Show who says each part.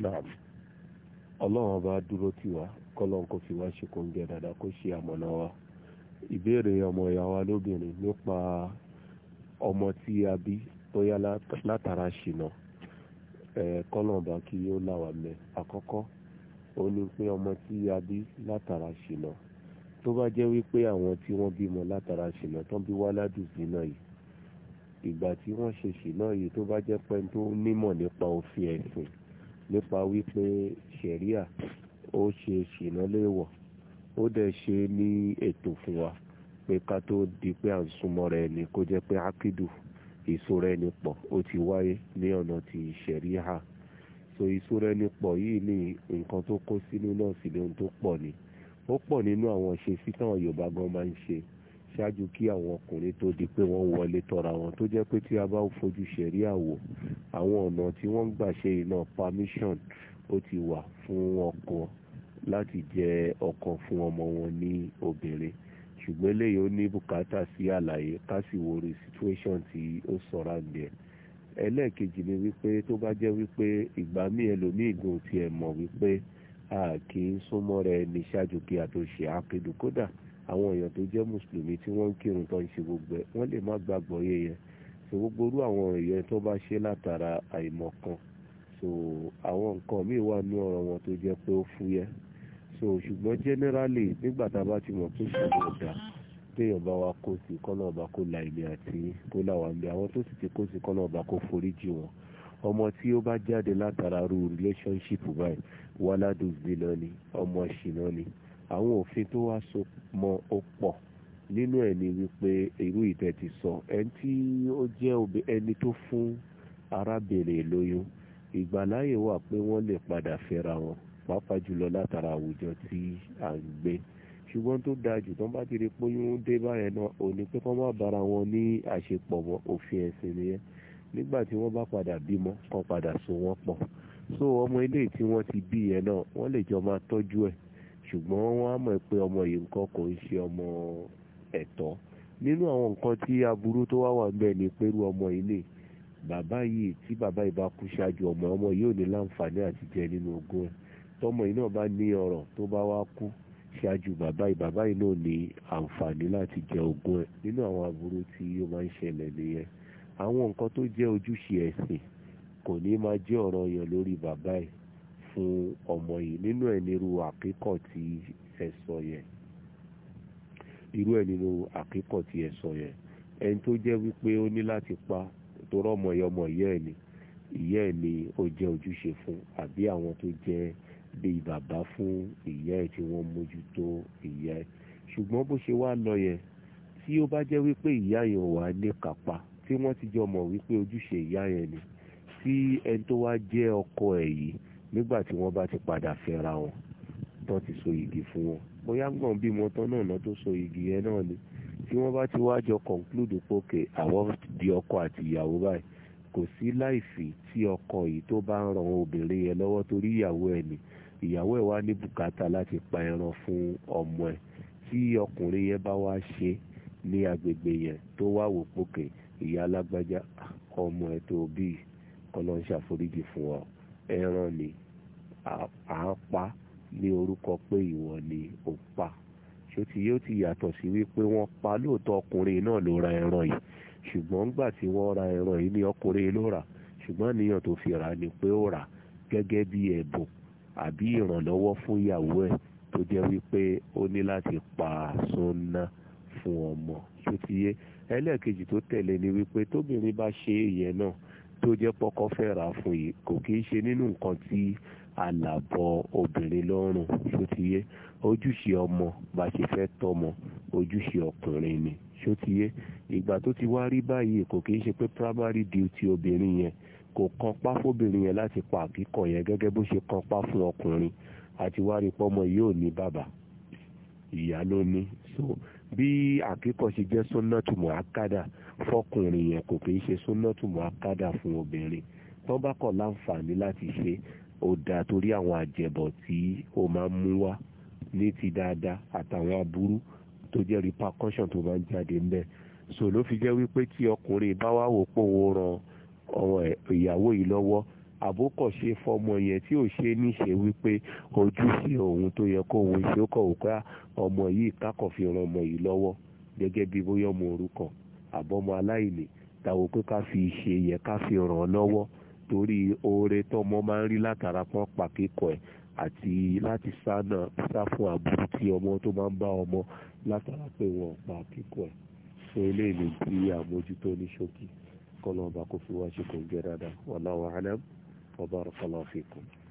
Speaker 1: naam ọlọ́run ọba dúró tì wá kọ́lọ́n kò fi wá ṣe kó ń jẹ dáadáa kó ṣe àmọ̀nà wa ìbéèrè ọmọ ìyá wa lóbìnrin nípa ọmọ tí a bí bóyá látara ṣìnà kọ́lọ́n ọba kí ó là wà mẹ́ àkọ́kọ́ ó ní pé ọmọ tí a bí látara ṣìnà tó bá jẹ́ wípé àwọn tí wọ́n bímọ látara ṣìnà tán bí wá ládùúgbò náà yìí ìgbà tí wọ́n ṣe ṣìnà yìí tó bá jẹ́ pé nímọ̀ nípa òfin ẹ̀sìn nípa wípé ṣẹ̀ríà ó ṣe ṣìnà ó dẹ̀ ṣe ní ètò fún wa pé ká tó di pé à ń súnmọ́ rẹ̀ ni kó jẹ́ pé ákídù ìṣúra ẹni pọ̀ ó ti wáyé ní ọ̀nà ti ṣẹ̀ríà so ìṣúra ẹni pọ̀ yìí ni nǹkan tó kó sínú náà sì lóhun tó pọ̀ ni ó pọ̀ nínú àwọn ṣe sí táwọn Yorùbá gan máa ń ṣe ṣáájú kí àwọn ọkùnrin tó di pé wọ́n wọlé tọ́ra wọn tó jẹ́ pé tí a bá fojú ṣẹ̀rí àwò àwọn ọ̀nà tí wọ́n gbà ṣe iná permission ó ti wà fún ọkọ láti jẹ ọkọ fún ọmọ wọn ní obìnrin ṣùgbọ́n eléyìí ó ní bùkátà sí àlàyé ká sì wo rí situation tí ó sọ̀rọ̀ àgbẹ̀ ẹlẹ́ẹ̀kejì ni wípé tó bá jẹ́ wípé ìgbà míì ẹlòmíì gan tiẹ̀ mọ̀ wípé a kì í súnmọ́ rẹ̀ ní ṣáájú kí a tó ṣe àpèdù àwọn èèyàn tó jẹ́ mùsùlùmí tí wọ́n ń kírun tó ń ṣe gbogbo ẹ̀ wọ́n lè má gbàgbọ́ yé yẹn so gbogbo irú àwọn èèyàn tó bá ṣe látara àìmọ̀kan so àwọn nǹkan míì wà ní ọ̀rọ̀ wọn tó jẹ́ pé ó fúyẹ́ so ṣùgbọ́n generally nígbà tá a bá ti mọ̀ pé ṣùgbọ́n ọ̀dà téèyàn bá wa kó sí kọ́nà ọba kó la èmi àti kó là wà mí àwọn tó sì ti kó sí kọ́nà ọba kó foríjì wọn ọmọ tí ó bá jáde látara ru relationship báyìí wàládùn zina ni ọmọ ṣìnà ni àwọn òfin tó wá so mọ́ ó pọ̀ nínú ẹ̀ ni wípé irú ìtẹ́ ti sọ ẹni tí ó jẹ́ ẹni tó fún arábìnrin lóyún ìgbàláyè wà pé wọ́n lè padà fẹ́ra wọn pàápàá jùlọ látara àwùjọ tí à ń gbé ṣùgbọ́n tó dáa jù tán bá ti rí póyún dé báyẹn náà ò ní pé kán má bára wọn ní àṣepọ̀ mọ́ òfin ẹ̀sìn nìyẹn nígbà tí wọ́n bá padà bímọ kán padà so wọ́n pọ̀ so ọmọ ilé tí wọ́n ti bí yẹn náà wọ́n lè jọ máa tọ́jú ẹ̀ ṣùgbọ́n wọ́n á mọ̀ pé ọmọ yìí nǹkan kò ń ṣe ọmọ ẹ̀tọ́ nínú àwọn nǹkan tí aburú tó wá wà ń bẹ̀ ni pẹ̀lú ọmọ ilé bàbá yìí tí bàbá yìí bá kú ṣáájú ọmọ ọmọ yìí ò ní láǹfààní àti jẹ nínú ogún ẹ tọmọ yìí náà bá ní ọrọ̀ tó bá wá kú ṣáájú bàbá yìí bàbá yìí náà ní àǹfààní láti jẹ ogún ẹ nínú àwọn aburú tí ó máa ń ṣẹlẹ̀ nìyẹn àwọn nǹkan tó jẹ́ ojúṣe ẹ̀sìn kò ní máa jẹ́ ọ̀ranyàn lórí bàbá yìí fún ọmọ yìí nínú ẹ̀ nírú àkíkọ̀ tí ẹ sọ yẹn irú ẹ̀ nínú àkíkọ̀ tí ẹ sọ yẹn ẹni tó jẹ́ wípé ó ní láti pa tó rọ́mọ ẹ̀ ọmọ ìyá ẹ̀ ni ìyá ẹ̀ ni ó jẹ́ ojúṣe fún àbí àwọn tó jẹ́ bíi bàbá fún ìyá ẹ̀ tí wọ́n mójútó ìyá ẹ̀ ṣùgbọ́n bó ṣe wá lọ yẹn tí ó bá jẹ́ wípé ìyá yẹn wà ní kápá tí wọ́n ti jọ mọ̀ wípé ojúṣe ìyá yẹn ni tí ẹni tó wá jẹ́ ọkọ ẹ̀ yìí nígbà tí wọ́n bá ti padà fẹ́ra wọn tó ti so igi fún wọn bóyá gbọ̀n bímọ tán náà náà tó so igi yẹn náà ni tí wọ́n bá ti wá jọ conclude pókè àwọn di ọkọ àti ìyàwó báyìí kò sí láìfì tí ọkọ yìí tó bá ń ran obìnrin yẹn lọ́wọ́ torí ìyàwó ẹ̀ ni ìyàwó ẹ̀ wá ní bùkátà láti pa ẹran fún ọmọ ẹ̀ tí ọkùnrin yẹn bá wá ṣe ní agbègbè yẹn tó wá wò pókè ìyá alágbájá ọmọ ẹ̀ tó bí kọ́lọ́ ń ṣàforíjì fún ọ ẹran lè àápa lé orúkọ pé ìwọ ni ó pa ṣó ti yóò ti yàtọ̀ sí wípé wọ́n pa lóòótọ́ ọkùnrin náà ló ra ẹran yìí ṣùgbọ́n nígbà tí wọ́n ra ẹran yìí ni ọkùnrin ló rà ṣùgbọ́n níyàn tó fi rà ni pé ó rà gẹ́gẹ́ bí ẹ̀bùn àbí ìrànlọ́wọ́ fún ìyàwó ẹ̀ tó jẹ́ wípé ó ní láti pa sunna fún ọmọ ṣó ti yé ẹlẹ́ẹ̀kejì tó tẹ̀lé ni wípé tóbìnrin bá ṣe ìyẹn náà tó jẹ́ pọ́kọ́ fẹ́ ra fún yìí kò kí ń ṣe nínú nǹkan tí àlàbọ̀ obìnrin lọ́rùn ṣó ti yé ojúṣe ọmọ bá ṣe fẹ́ tọ́mọ ojúṣe ọkùnrin ni ṣó ti yé ìgbà tó ti wá rí báyìí kò kí ń ṣe pé primary duty obìnrin yẹn kò kanpá fóbìnrin yẹn láti pa àkíkọ̀ yẹn gẹ́gẹ́ bó ṣe kanpá fún ọkùnrin àti wá rí pọ́mọ yóò ní bàbá ìyá ló ní so bí àkíkọ̀ ṣe jẹ́ sunnatu muakkada fọkùnrin yẹn kò kì í ṣe sunnatu muakkada fún obìnrin tó bá kọ̀ láǹfààní láti ṣe ó dá torí àwọn àjẹbọ̀ tí ó máa ń mú wá ní ti dáadáa àtàwọn aburú tó jẹ́ repercussion tó máa ń jáde ń bẹ̀ so ló fi jẹ́ wípé tí ọkùnrin bá wá wò pé òun ìyàwó yìí lọ́wọ́ àbókọ̀ṣe fọmọ yẹn tí ò ṣe níṣe wípé ojúṣe òun tó yẹ kó òun ṣe ó kọ̀ òun ká ah, ọmọ yìí kákọ̀ fi ran ọmọ yìí lọ́wọ́ gẹ́gẹ́ bí bóyá ọmọ òrukàn àbọ̀mọ aláìní tàwọn pé ká fi ṣe yẹ ká fi ràn án lọ́wọ́ torí oore tọmọ máa ń rí látara pọ́n pàkíkọ̀ ẹ̀ àti láti sánà sá fún àbúrú tí ọmọ tó máa ń bá ọmọ látara pé wọn pa kíkọ̀ ẹ̀ fún eléyìí tí àmójútó ní ṣókí kọ́lọ́ọ̀bá kò fi wá ṣe kò ń gẹ́ dáadáa wàláwàá aláàmù. وبارك الله فيكم